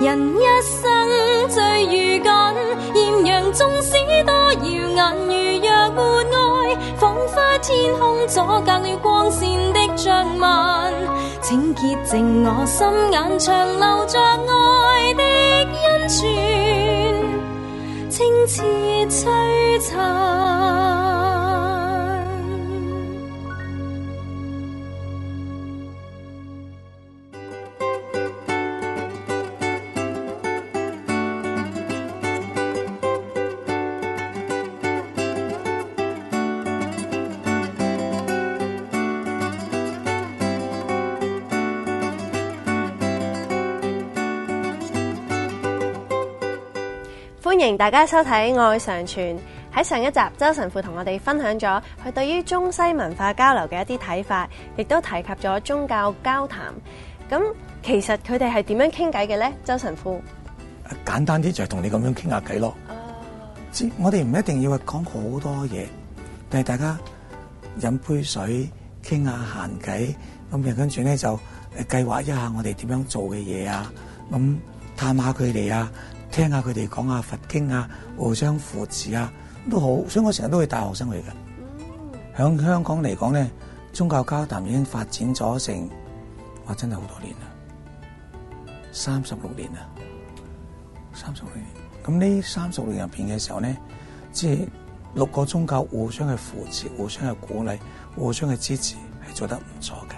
人一生最要緊，艷陽縱使多耀眼，如若沒愛，仿佛天空阻隔了光線的暢漫。請潔淨我心眼，長留着愛的恩泉，清澈璀璨。歡迎大家收睇《愛常傳》。喺上一集，周神父同我哋分享咗佢對於中西文化交流嘅一啲睇法，亦都提及咗宗教交談。咁其實佢哋係點樣傾偈嘅咧？周神父，簡單啲就係同你咁樣傾下偈咯。Oh. 我哋唔一定要講好多嘢，但係大家飲杯水，傾下閒偈，咁嘅跟住咧就計劃一下我哋點樣做嘅嘢啊，咁探下佢哋啊。聽下佢哋講下佛經啊，互相扶持啊，都好。所以，我成日都會帶學生去嘅。喺、嗯、香港嚟講咧，宗教交談已經發展咗成，哇真係好多年啦，三十六年啦，三十六年。咁呢三十六年入邊嘅時候咧，即係六個宗教互相嘅扶持、互相嘅鼓勵、互相嘅支持，係做得唔錯嘅。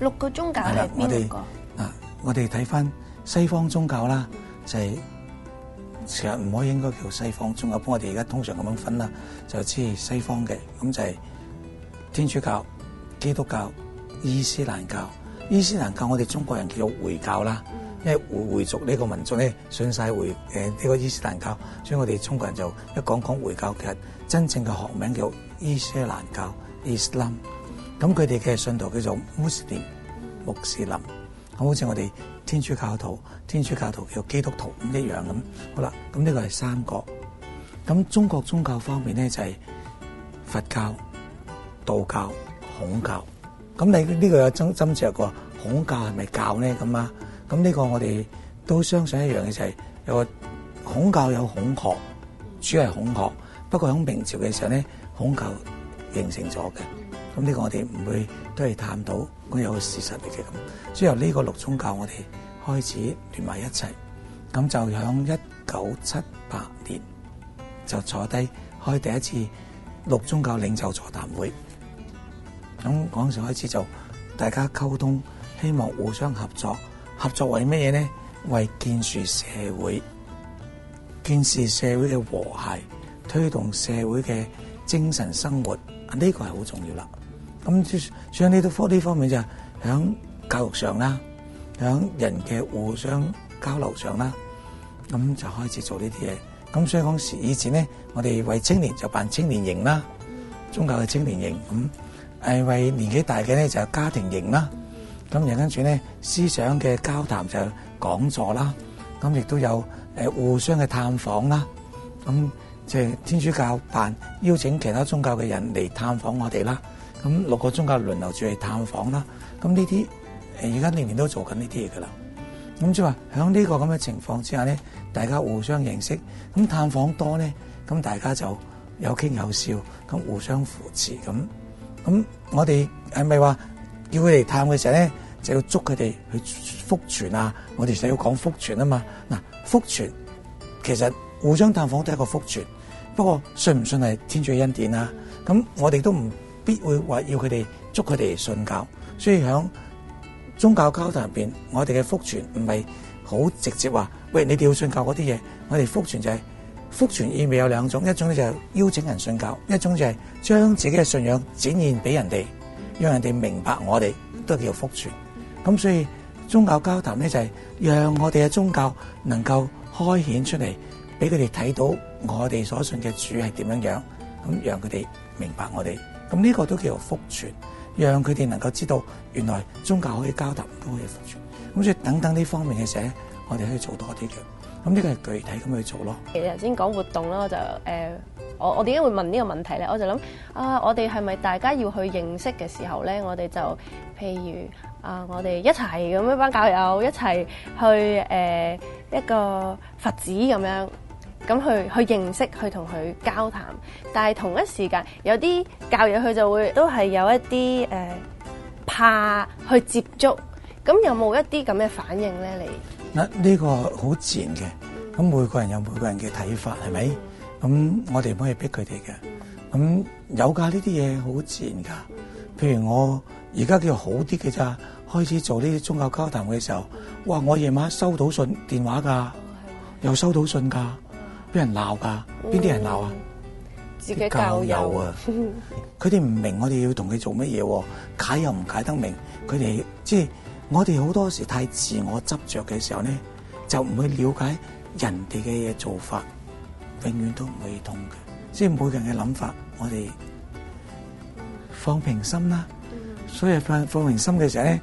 六個宗教係邊六個啊？我哋睇翻，西方宗教啦，嗯、就係、是。其實唔可以應該叫西方，仲有幫我哋而家通常咁樣分啦，就知西方嘅咁就係天主教、基督教、伊斯蘭教。伊斯蘭教我哋中國人叫做回教啦，因為回族呢、呢個民族咧信晒回誒呢、呃呢個伊斯蘭教，所以我哋中國人就一講講回教，其實真正嘅學名叫伊斯蘭教 （Islam）。咁佢哋嘅信徒叫做 Muslim，穆斯林（穆斯林）。咁好似我哋。天主教徒、天主教徒同基督徒一樣咁，好啦，咁呢個係三個。咁中國宗教方面咧就係佛教、道教、孔教。咁你呢個有針針着個？孔教係咪教咧咁啊？咁、這、呢個我哋都相信一樣嘅就係、是、有個孔教有孔學，主要係孔學。不過喺明朝嘅時候咧，孔教形成咗嘅。咁呢個我哋唔會都係探到，咁有個事實嚟嘅咁。所以由呢個六宗教我哋開始聯埋一齊，咁就響一九七八年就坐低開第一次六宗教領袖座談會。咁陣時開始就大家溝通，希望互相合作。合作為咩嘢呢？為建樹社會，建樹社會嘅和諧，推動社會嘅精神生活。呢、這個係好重要啦。咁，所以呢啲科呢方面就喺教育上啦，喺人嘅互相交流上啦，咁就開始做呢啲嘢。咁所以嗰時以前咧，我哋為青年就辦青年營啦，宗教嘅青年營咁；係為年紀大嘅咧就家庭營啦。咁，然跟住咧思想嘅交談就講座啦。咁亦都有誒互相嘅探訪啦。咁即係天主教辦邀請其他宗教嘅人嚟探訪我哋啦。咁六個宗教輪流住嚟探訪啦。咁呢啲誒，而家年年都做緊呢啲嘢噶啦。咁即係話，喺呢個咁嘅情況之下咧，大家互相認識，咁探訪多咧，咁大家就有傾有笑，咁互相扶持。咁咁，我哋係咪話叫佢哋探嘅時候咧，就要捉佢哋去福傳啊？我哋就要講福傳啊嘛。嗱，福傳其實互相探訪都係一個福傳，不過信唔信係天主恩典呀、啊？咁我哋都唔必會話要佢哋捉佢哋信教，所以響宗教交談入邊，我哋嘅福傳唔係好直接話，喂，你哋要信教嗰啲嘢。我哋福傳就係、是、福傳意味有兩種，一種咧就係邀請人信教，一種就係將自己嘅信仰展現俾人哋，讓人哋明白我哋都係叫福傳。咁所以宗教交談咧就係讓我哋嘅宗教能夠開顯出嚟，俾佢哋睇到我哋所信嘅主係點樣樣，咁讓佢哋明白我哋。咁呢個都叫做福傳，讓佢哋能夠知道原來宗教可以交談，都可以福傳。咁所以等等呢方面嘅寫，我哋可以做多啲嘅。咁呢個係具體咁去做咯。其實頭先講活動啦，我就誒，我我點解會問呢個問題咧？我就諗啊，我哋係咪大家要去認識嘅時候咧，我哋就譬如啊，我哋一齊咁一班教友一齊去、啊、一個佛寺咁樣。咁去去認識，去同佢交談，但係同一時間有啲教友佢就會都係有一啲、呃、怕去接觸，咁有冇一啲咁嘅反應咧？你嗱呢、啊呢個好自然嘅，咁每個人有每個人嘅睇法，係咪？咁我哋唔可以逼佢哋嘅，咁有噶呢啲嘢好自然噶。譬如我而家叫好啲嘅咋，開始做呢啲宗教交談嘅時候，哇！我夜晚收到信電話噶，又收到信噶，俾人鬧噶，邊啲人鬧啊？嗯、自己教友啊！佢哋唔明我哋要同佢做乜嘢，解又唔解得明。佢哋即係我哋好多時太自我執着嘅時候咧，就唔會了解人哋嘅嘢做法，永遠都唔會同嘅。即係每個人嘅諗法，我哋放平心啦。所以放放平心嘅時候咧，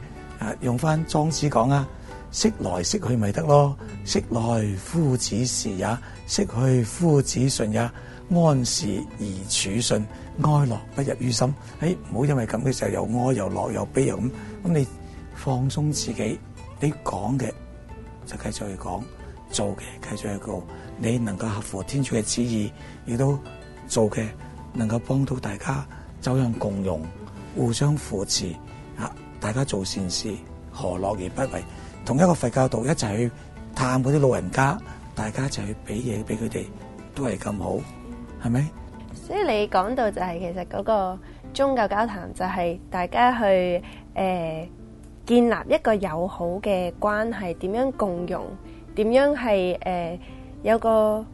用翻莊子講啊！適來適去咪得咯。適來夫子時也，適去夫子順也。安時而處順，哀樂不入於心。誒，唔好因為咁嘅時候又哀又樂又悲又咁咁，你放鬆自己。你講嘅就繼續去講，做嘅繼續去做。你能夠合乎天主嘅旨意，亦都做嘅能夠幫到大家，走向共融，互相扶持啊！大家做善事，何樂而不為？同一個佛教道徒一齊去探嗰啲老人家，大家一齊去俾嘢俾佢哋，都係咁好，係咪？所以你講到就係其實嗰個宗教交談，就係大家去誒建立一個友好嘅關係，點樣共融，點樣係誒有個。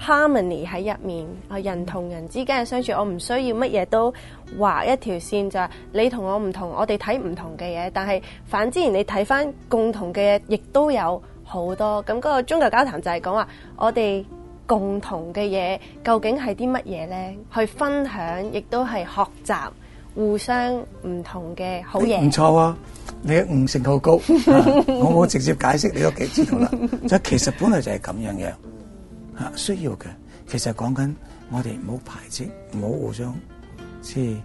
Harmony 喺入面，人同人之間嘅相處，我唔需要乜嘢都畫一條線，就係你同我唔同，我哋睇唔同嘅嘢，但係反之然，你睇翻共同嘅嘢，亦都有好多。咁嗰個宗教交談就係講話，我哋共同嘅嘢究竟係啲乜嘢咧？去分享，亦都係學習，互相唔同嘅好嘢。唔錯啊，你悟性好高， 啊、我冇直接解釋，你都幾知道啦。 其實本來就係咁樣嘅。需要嘅，其實講緊我哋唔好排斥，唔好互相即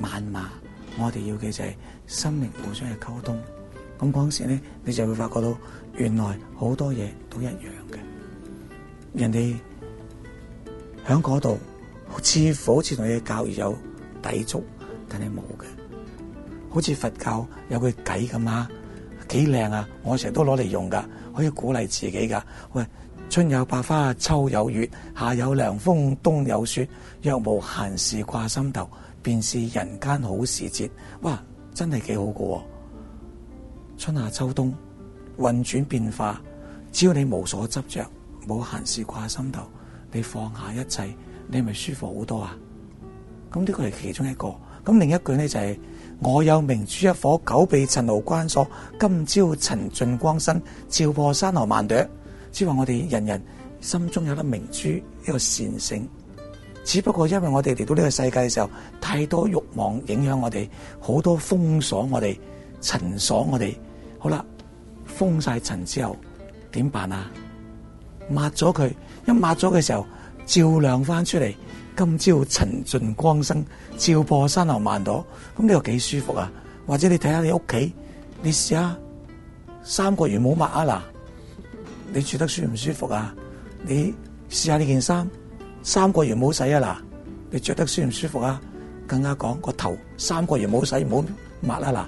係謾罵。我哋要嘅就係心靈互相嘅溝通。咁嗰陣時咧，你就會發覺到原來好多嘢都一樣嘅。人哋喺嗰度，似乎好似同你嘅教義有抵觸，但係冇嘅。好似佛教有個偈咁啊，幾靚啊！我成日都攞嚟用㗎，可以鼓勵自己㗎。喂！春有百花秋有月，夏有涼風冬有雪。若無閒事掛心頭，便是人間好時節。哇，真係幾好個！春夏秋冬運轉變化，只要你無所執着，冇閒事掛心頭，你放下一切，你係咪舒服好多啊！咁呢個係其中一個，咁另一句呢，就係、是：我有明珠一顆，久被塵勞關鎖。今朝塵盡光生，照破山河萬朵。即係話我哋人人心中有粒明珠，一個善性。只不過因為我哋嚟到呢個世界嘅時候，太多欲望影響我哋，好多封鎖我哋、塵鎖我哋。好啦，封晒塵之後，點辦啊？抹咗佢，一抹咗嘅時候，照亮翻出嚟。今朝塵盡光生，照破山河萬朵。咁、這、呢個幾舒服啊？或者你睇下你屋企，你試下三個月冇抹啊嗱。你住得舒唔舒服啊？你試下呢件衫三個月冇洗啊嗱，你着得舒唔舒服啊？更加講個頭三個月冇洗唔好抹啊嗱，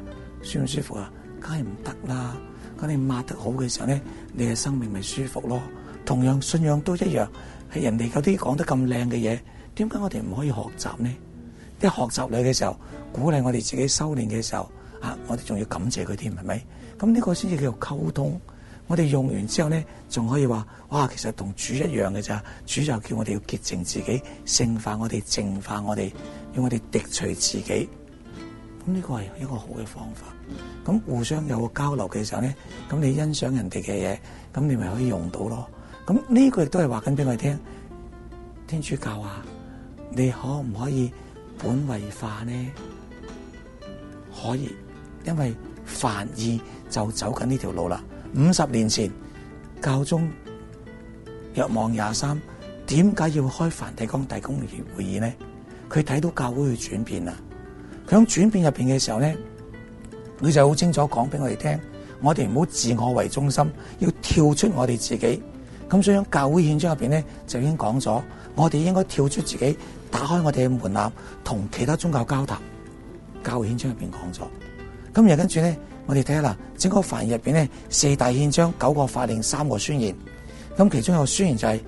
舒唔舒服啊？梗係唔得啦！咁你抹得好嘅時候咧，你嘅生命咪舒服咯。同樣信仰都一樣，係人哋嗰啲講得咁靚嘅嘢，點解我哋唔可以學習呢？一學習你嘅時候，鼓勵我哋自己修煉嘅時候，啊，我哋仲要感謝佢添，係咪？咁呢個先至叫做溝通。我哋用完之後咧，仲可以話：哇，其實同主一樣嘅咋，主就叫我哋要潔淨自己、聖化我哋、淨化我哋，要我哋剔除自己。咁呢個係一個好嘅方法。咁互相有個交流嘅時候咧，咁你欣賞人哋嘅嘢，咁你咪可以用到咯。咁呢個亦都係話緊俾我哋聽，天主教話，啊：你可唔可以本位化呢？可以，因為梵二就走緊呢條路啦。五十年前，教宗若望廿三，點解要開梵蒂岡大公會議呢？佢睇到教會嘅轉變喇！佢喺轉變入邊嘅時候呢，佢就好清楚講俾我哋聽：我哋唔好自我為中心，要跳出我哋自己。咁所以喺教會憲章入邊呢，就已經講咗，我哋應該跳出自己，打開我哋嘅門檻，同其他宗教交談。教會憲章入邊講咗。咁又跟住咧，我哋睇下啦，整個梵入邊咧，四大憲章、九個法令、三個宣言。咁其中一個宣言就係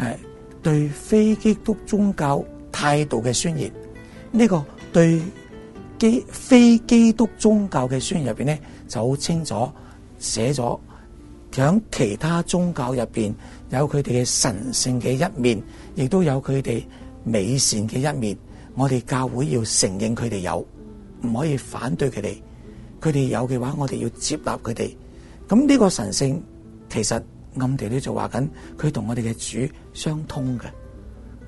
誒對非基督宗教態度嘅宣言。呢個對基非基督宗教嘅宣言入邊咧，就好清楚寫咗，響其他宗教入邊有佢哋嘅神聖嘅一面，亦都有佢哋美善嘅一面。我哋教會要承認佢哋有，唔可以反對佢哋。佢哋有嘅話，我哋要接納佢哋。咁呢個神聖，其實暗地咧就話緊，佢同我哋嘅主相通嘅，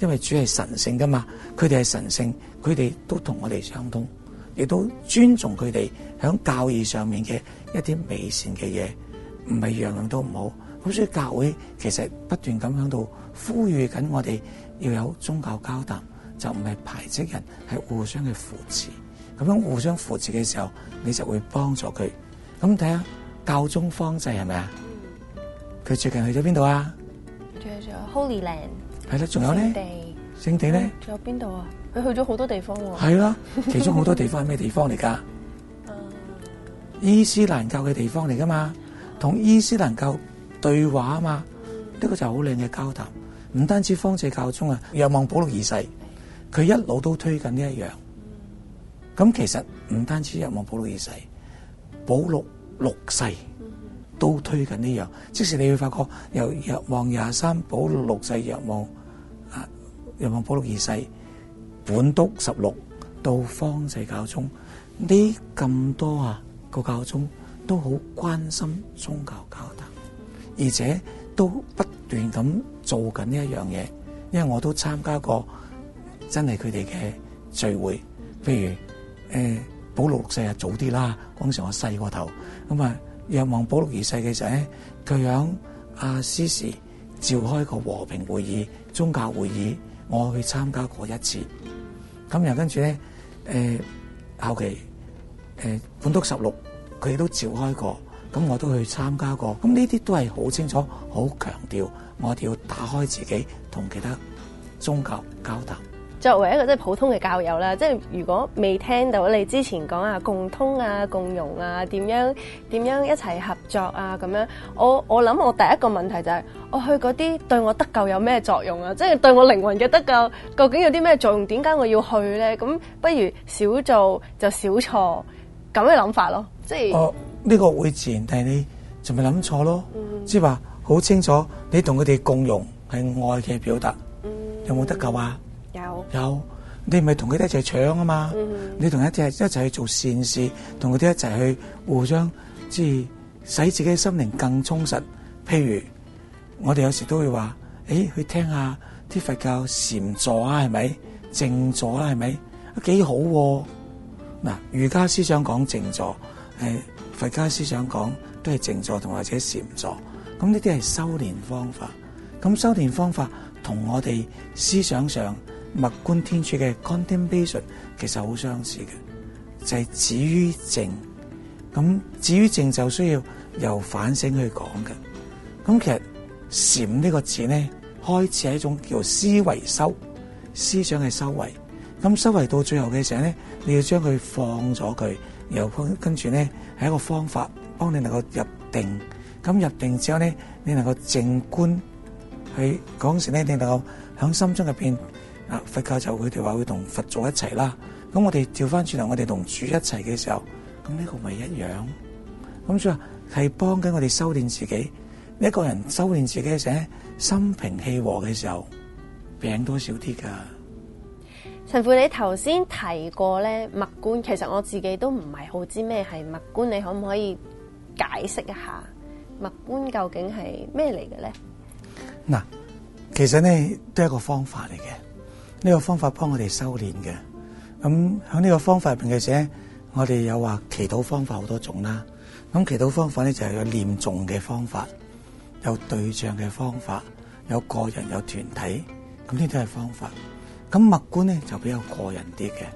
因為主係神聖噶嘛。佢哋係神聖，佢哋都同我哋相通，亦都尊重佢哋響教義上面嘅一啲美善嘅嘢，唔係樣樣都唔好。咁所以教會其實不斷咁響度呼籲緊我哋要有宗教交搭，就唔係排斥人，係互相嘅扶持。咁樣互相扶持嘅時候，你就會幫助佢。咁睇下教宗方濟係咪啊？佢、嗯、最近去咗邊度啊？去咗 Holy Land。係啦，仲有咧？聖地咧？仲、嗯、有邊度啊？佢去咗好多地方喎，啊。係啦，其中好多地方係咩地方嚟噶？ 伊斯蘭教嘅地方嚟噶嘛？同伊斯蘭教對話啊嘛？呢，嗯，個就好靚嘅交談。唔單止方濟教宗啊，若望保祿二世，佢一路都推緊呢一樣。咁其實唔單止若望保祿二世、保祿六世都推緊呢樣，即使你會發覺由若望廿三、保祿六世、若望啊、若望保祿二世，本篤十六到方世教宗呢，咁多啊，個教宗都好關心宗教教導，而且都不斷咁做緊呢一樣嘢，因為我都參加過真係佢哋嘅聚會，譬如。誒保祿六世啊，早啲啦，嗰陣時我細過頭。咁啊，若望保祿二世嘅時候咧，佢響亞西西召開個和平會議，宗教會議，我去參加過一次。咁又跟住咧，誒、呃、後期誒、呃、本篤十六佢都召開過，咁我都去參加過。咁呢啲都係好清楚，好強調我哋要打開自己同其他宗教交談。作為一個即係普通嘅教友啦，即係如果未聽到你之前講啊共通啊共融啊點樣點樣一齊合作啊咁樣，我我諗我第一個問題就係、是、我去嗰啲對我得救有咩作用啊？即係對我靈魂嘅得救，究竟有啲咩作用？點解我要去咧？咁不如少做就少錯咁嘅諗法咯。即係哦、呢、呃這個會自然，但係你就咪諗錯咯。嗯、即係話好清楚，你同佢哋共融係愛嘅表達，有冇得救啊？有你唔係同佢哋一齊搶啊嘛？你同佢哋一齊、mm hmm. 一齊去做善事，同佢哋一齊去互相，即係使自己嘅心靈更充實。譬如我哋有時都會話，誒去聽下啲佛教禪坐啊，係咪靜坐啊，係咪幾好？嗱，儒家思想講靜坐，係佛家思想講都係靜坐同或者禪坐。咁呢啲係修煉方法。咁修煉方法同我哋思想上，默觀天主嘅 contemplation 其實好相似嘅，就係止於靜。咁止於靜就需要由反省去講嘅。咁其實禪呢個字咧，開始係一種叫思維修思想嘅修維。咁修維到最後嘅時候咧，你要將佢放咗佢，然後跟住咧係一個方法，幫你能夠入定。咁入定之後咧，你能夠靜觀去講時咧，你能夠喺心中入邊。佛教就佢哋話會同佛祖一齊啦，咁我哋調翻轉頭，我哋同主一齊嘅時候，咁呢個咪一樣？咁所以係幫緊我哋修煉自己。一個人修煉自己的時候，成咧心平氣和嘅時候，病多少啲噶。神父，你頭先提過咧，默觀，其實我自己都唔係好知咩係默觀，你可唔可以解釋一下默觀究竟係咩嚟嘅咧？嗱，其實呢都係一個方法嚟嘅。呢個方法幫我哋修煉嘅，咁喺呢個方法入邊嘅時，我哋有話祈禱方法好多種啦。咁祈禱方法咧就係有念誦嘅方法，有對象嘅方法，有個人有團體，咁呢啲係方法。咁默觀咧就比較個人啲嘅，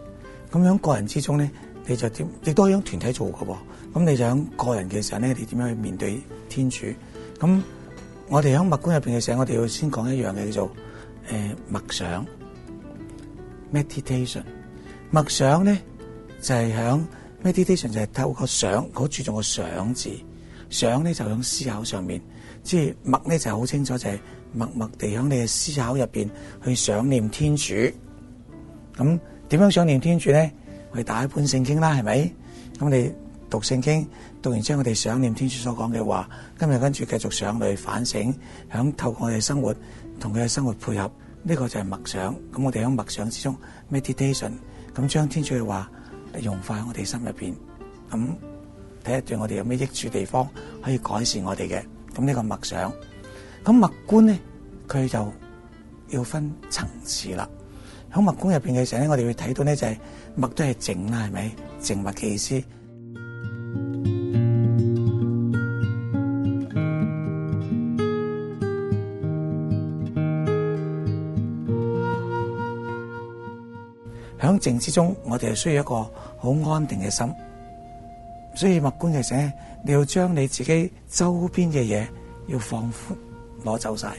咁樣個人之中咧，你就點？你都係用團體做噶，咁你就喺個人嘅時候咧，你點樣去面對天主？咁我哋喺默觀入邊嘅時，我哋要先講一樣嘢叫做誒、呃、默想。meditation 默想咧就係響 meditation 就係透過想，好注重個想字，想咧就響思考上面，即係默咧就好清楚就係、是、默默地響你嘅思考入邊去想念天主。咁點樣想念天主咧？我哋打開本聖經啦，係咪？咁我哋讀聖經，讀完之後我哋想念天主所講嘅話，今日跟住繼續想去反省，想透過我哋嘅生活同佢嘅生活配合。呢個就係默想，咁我哋喺默想之中，meditation，咁將天主嘅話融化喺我哋心入邊，咁睇下對我哋有咩益處、地方可以改善我哋嘅。咁呢個默想，咁默觀咧，佢就要分層次啦。喺默觀入邊嘅時候咧，我哋會睇到咧就係默都係靜啦，係咪靜默嘅意思？靜之中，我哋係需要一個好安定嘅心。所以默觀嘅時候，你要將你自己周邊嘅嘢要放寬攞走晒，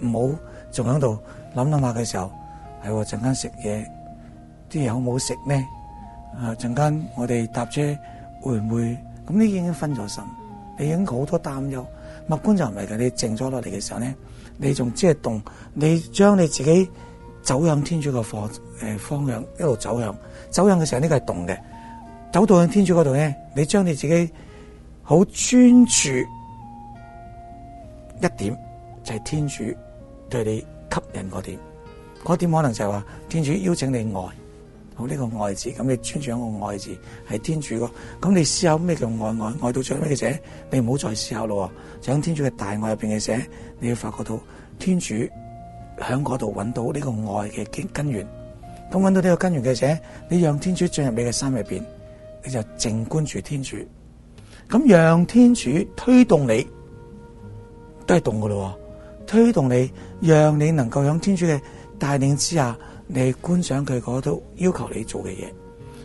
唔好仲喺度諗諗下嘅時候，係喎陣間食嘢啲嘢好唔好食呢？啊，陣間我哋搭車會唔會咁？呢已經分咗神，你已經好多擔憂。默觀就唔係嘅，你靜咗落嚟嘅時候咧，你仲即係動，你將你自己走向天主嘅火。誒，方向一路走向，走向嘅時候呢個係動嘅，走到向天主嗰度咧，你將你自己好專注一點，就係天主對你吸引嗰點，嗰點可能就係話天主邀請你愛，好呢個愛字，咁你專注一個愛字，係天主個，咁你思考咩叫愛愛，愛到最尾嘅者，你唔好再思考咯，就響天主嘅大愛入邊嘅者，你要發覺到天主響嗰度揾到呢個愛嘅根根源。咁揾到呢個根源嘅者，你讓天主進入你嘅心入邊，你就靜觀住天主。咁讓天主推動你，都係動嘅咯。推動你，讓你能夠響天主嘅帶領之下，你觀賞佢嗰度要求你做嘅嘢。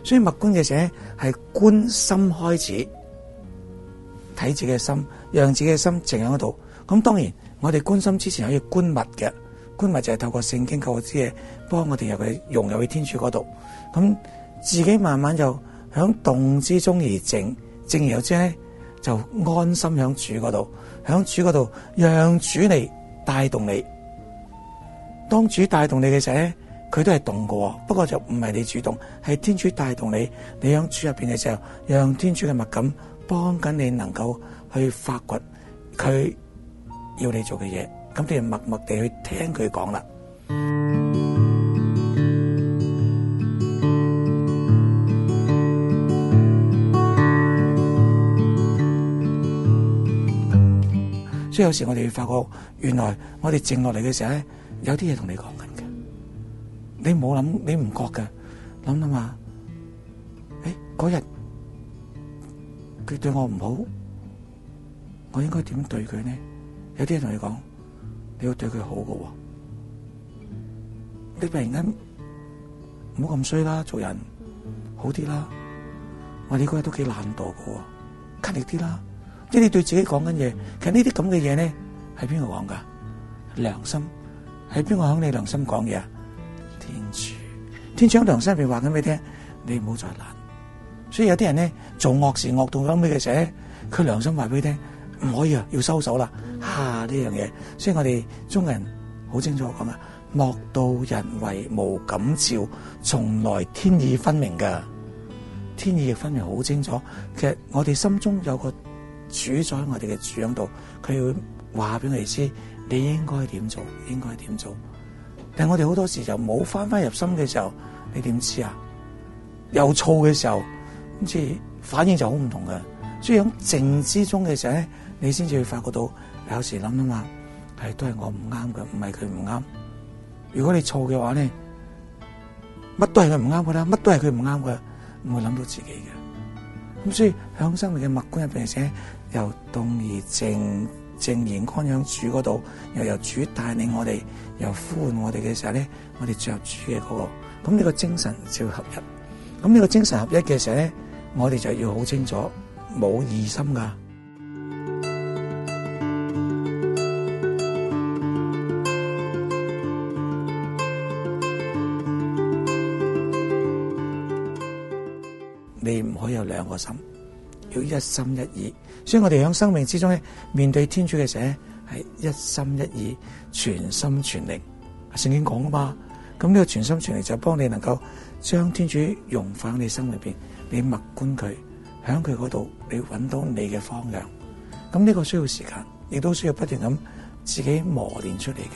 所以物觀嘅者係觀心開始，睇自己嘅心，讓自己嘅心靜喺嗰度。咁當然，我哋觀心之前可以觀物嘅。官物就係透過聖經告之嘢，幫我哋入去融入去天主嗰度，咁自己慢慢就響動之中而靜，靜而有之咧就安心響主嗰度，響主嗰度讓主嚟帶動你。當主帶動你嘅時候咧，佢都係動嘅，不過就唔係你主動，係天主帶動你。你響主入邊嘅時候，讓天主嘅物感幫緊你，能夠去發掘佢要你做嘅嘢。咁你就默默地去聽佢講啦。所以有時我哋會發覺，原來我哋靜落嚟嘅時候咧，有啲嘢同你講緊嘅。你冇諗，你唔覺㗎諗諗下。誒，嗰日佢對我唔好，我應該點對佢呢？有啲嘢同你講。你要對佢好喎。你突然間唔好咁衰啦，做人好啲啦。我哋嗰日都幾懶惰喎，勤力啲啦。即係你對自己講緊嘢，其實呢啲咁嘅嘢咧，係邊個講噶？良心係邊個響你良心講嘢啊？天主，天主喺良心入邊話緊俾你聽？你唔好再懶。所以有啲人咧做惡事惡到後尾嘅時，佢良心話俾你聽，唔可以啊，要收手啦。吓，呢樣嘢，所以我哋中國人好清楚咁啊，莫道人為無感召，從來天意分明噶，天意亦分明好清楚。其實我哋心中有個主宰，我哋嘅主喺度，佢會話俾我哋知你應該點做，應該點做。但係我哋好多時就冇翻翻入心嘅時候，你點知啊？有躁嘅時候，咁即係反應就好唔同㗎。所以喺靜之中嘅時候咧，你先至會發覺到。有時諗啦嘛，係都係我唔啱噶，唔係佢唔啱。如果你錯嘅話咧，乜都係佢唔啱噶啦，乜都係佢唔啱噶，唔會諗到自己嘅。咁所以響生命嘅物觀入邊，而且由動而靜，靜然安養主嗰度，又由，由主帶領我哋，又呼喚我哋嘅時候咧，我哋着主嘅嗰、嗰個，咁呢個精神就要合一。咁呢個精神合一嘅時候咧，我哋就要好清楚，冇疑心噶。有兩個心，要一心一意，所以我哋喺生命之中咧，面對天主嘅時候係一心一意，全心全力。聖經講噶嘛，咁呢個全心全力就幫你能夠將天主融化喺你心裏邊，你默觀佢，響佢嗰度，你搵到你嘅方向。咁呢個需要時間，亦都需要不斷咁自己磨練出嚟嘅。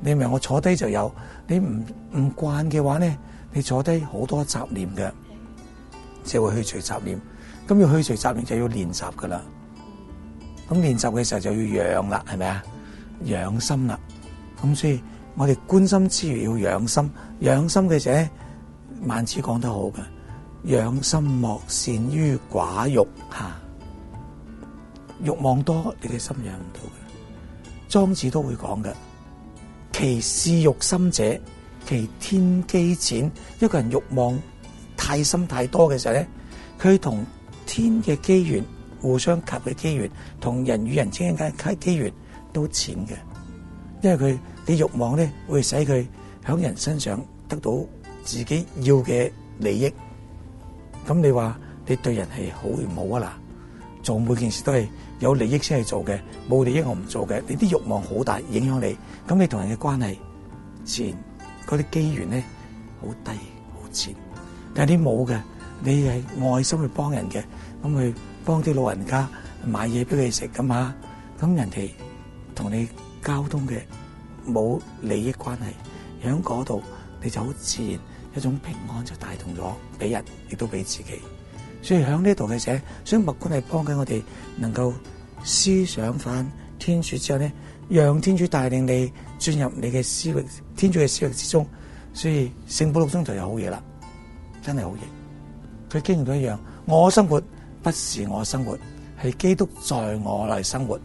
你唔係我坐低就有，你唔唔慣嘅話咧，你坐低好多雜念嘅。就會去除雜念，咁要去除雜念就要練習噶啦。咁練習嘅時候就要養啦，係咪啊？養心啦。咁所以我哋觀心之餘要養心，養心嘅者，孟子講得好嘅，養心莫善於寡欲吓。欲望多，你哋心養唔到嘅。莊子都會講嘅，其嗜欲心者，其天機淺。一個人欲望。太深太多嘅時候咧，佢同天嘅機緣互相及嘅機緣，同人與人之間嘅機機緣都淺嘅，因為佢啲欲望咧，會使佢響人身上得到自己要嘅利益。咁你話你對人係好唔好啊？嗱，做每件事都係有利益先係做嘅，冇利益我唔做嘅。你啲欲望好大，影響你，咁你同人嘅關係自然嗰啲機緣咧好低好淺。有啲冇嘅，你係愛心去幫人嘅，咁去幫啲老人家買嘢俾佢食噶嘛？咁人哋同你交通嘅冇利益關係，喺嗰度你就好自然一種平安就帶動咗俾人，亦都俾自己。所以喺呢度嘅者，所以默觀係幫緊我哋能夠思想翻天主之後咧，讓天主帶領你進入你嘅思域，天主嘅思域之中。所以聖保祿中就有好嘢啦。真係好型，佢經驗到一樣，我生活不是我生活，係基督在我內生活。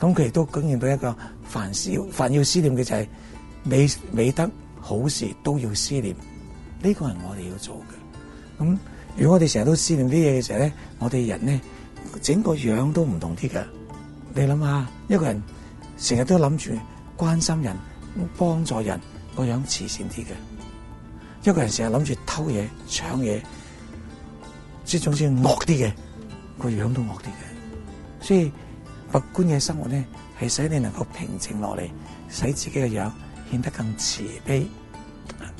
咁佢亦都經驗到一個凡事凡要思念嘅，就係美美德好事都要思念，呢個係我哋要做嘅。咁如果我哋成日都思念啲嘢嘅時候咧，我哋人咧整個樣都唔同啲嘅。你諗下，一個人成日都諗住關心人、幫助人，個樣慈善啲嘅。一個人成日諗住偷嘢、搶嘢，即係總之惡啲嘅，個樣都惡啲嘅。所以，樂觀嘅生活咧，係使你能夠平靜落嚟，使自己嘅樣顯得更慈悲。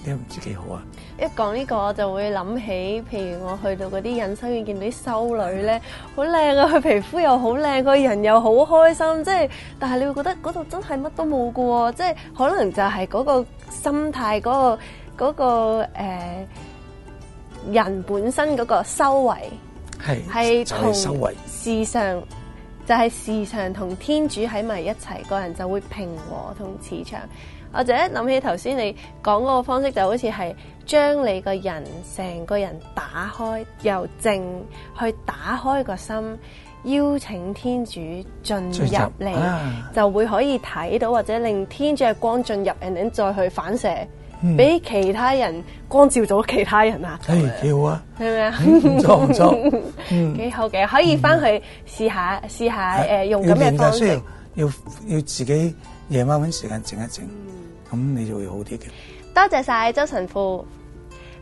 你個唔知幾好啊！一講呢個，我就會諗起，譬如我去到嗰啲隱修院，見到啲修女咧，好靚啊！佢皮膚又好靚，個人又好開心。即係，但係你會覺得嗰度真係乜都冇嘅，即係可能就係嗰個心態嗰個。嗰、那個誒、呃、人本身嗰個修為係係是同時常就係時常同天主喺埋一齊，個人就會平和同慈祥。我就一諗起頭先你講嗰個方式，就好似係將你個人成個人打開，由靜去打開個心，邀請天主進入嚟，入啊、就會可以睇到或者令天主嘅光進入，然後再去反射。俾、嗯、其他人光照咗其他人啊！哎，幾好啊！係咪啊？幾、嗯嗯、好嘅，可以翻去試下、嗯、試下誒是、呃，用咁嘅方式。要需要，要，要自己夜晚搵時間整一整，咁、嗯、你就會好啲嘅。多謝晒周神父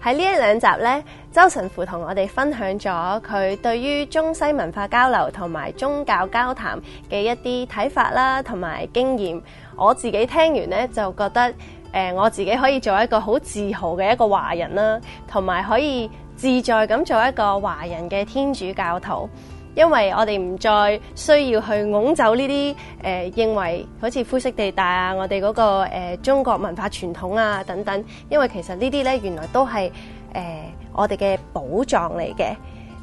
喺呢一兩集咧，周神父同我哋分享咗佢對於中西文化交流同埋宗教交談嘅一啲睇法啦，同埋經驗。我自己聽完咧就覺得。誒、呃、我自己可以做一個好自豪嘅一個華人啦，同埋可以自在咁做一個華人嘅天主教徒，因為我哋唔再需要去拱走呢啲誒認為好似灰色地帶啊，我哋嗰、那個、呃、中國文化傳統啊等等，因為其實這些呢啲咧原來都係誒、呃、我哋嘅寶藏嚟嘅。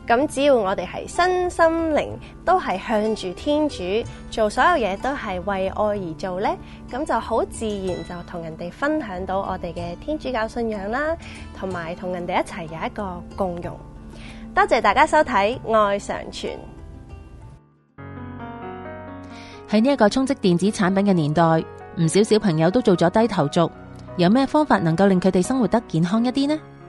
咁只要我哋係身心靈都係向住天主，做所有嘢都係為愛而做呢，咁就好自然就同人哋分享到我哋嘅天主教信仰啦，同埋同人哋一齊有一個共融。多謝大家收睇《愛常存》。喺呢一個充斥電子產品嘅年代，唔少小朋友都做咗低頭族，有咩方法能夠令佢哋生活得健康一啲呢？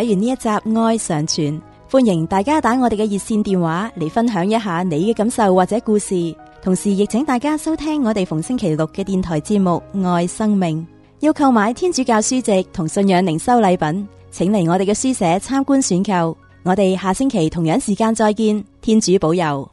睇完呢一集《愛常傳》，歡迎大家打我哋嘅熱線電話嚟分享一下你嘅感受或者故事。同時，亦請大家收聽我哋逢星期六嘅電台節目《愛生命》。要購買天主教書籍同信仰靈修禮品，請嚟我哋嘅書社參觀選購。我哋下星期同樣時間再見。天主保佑。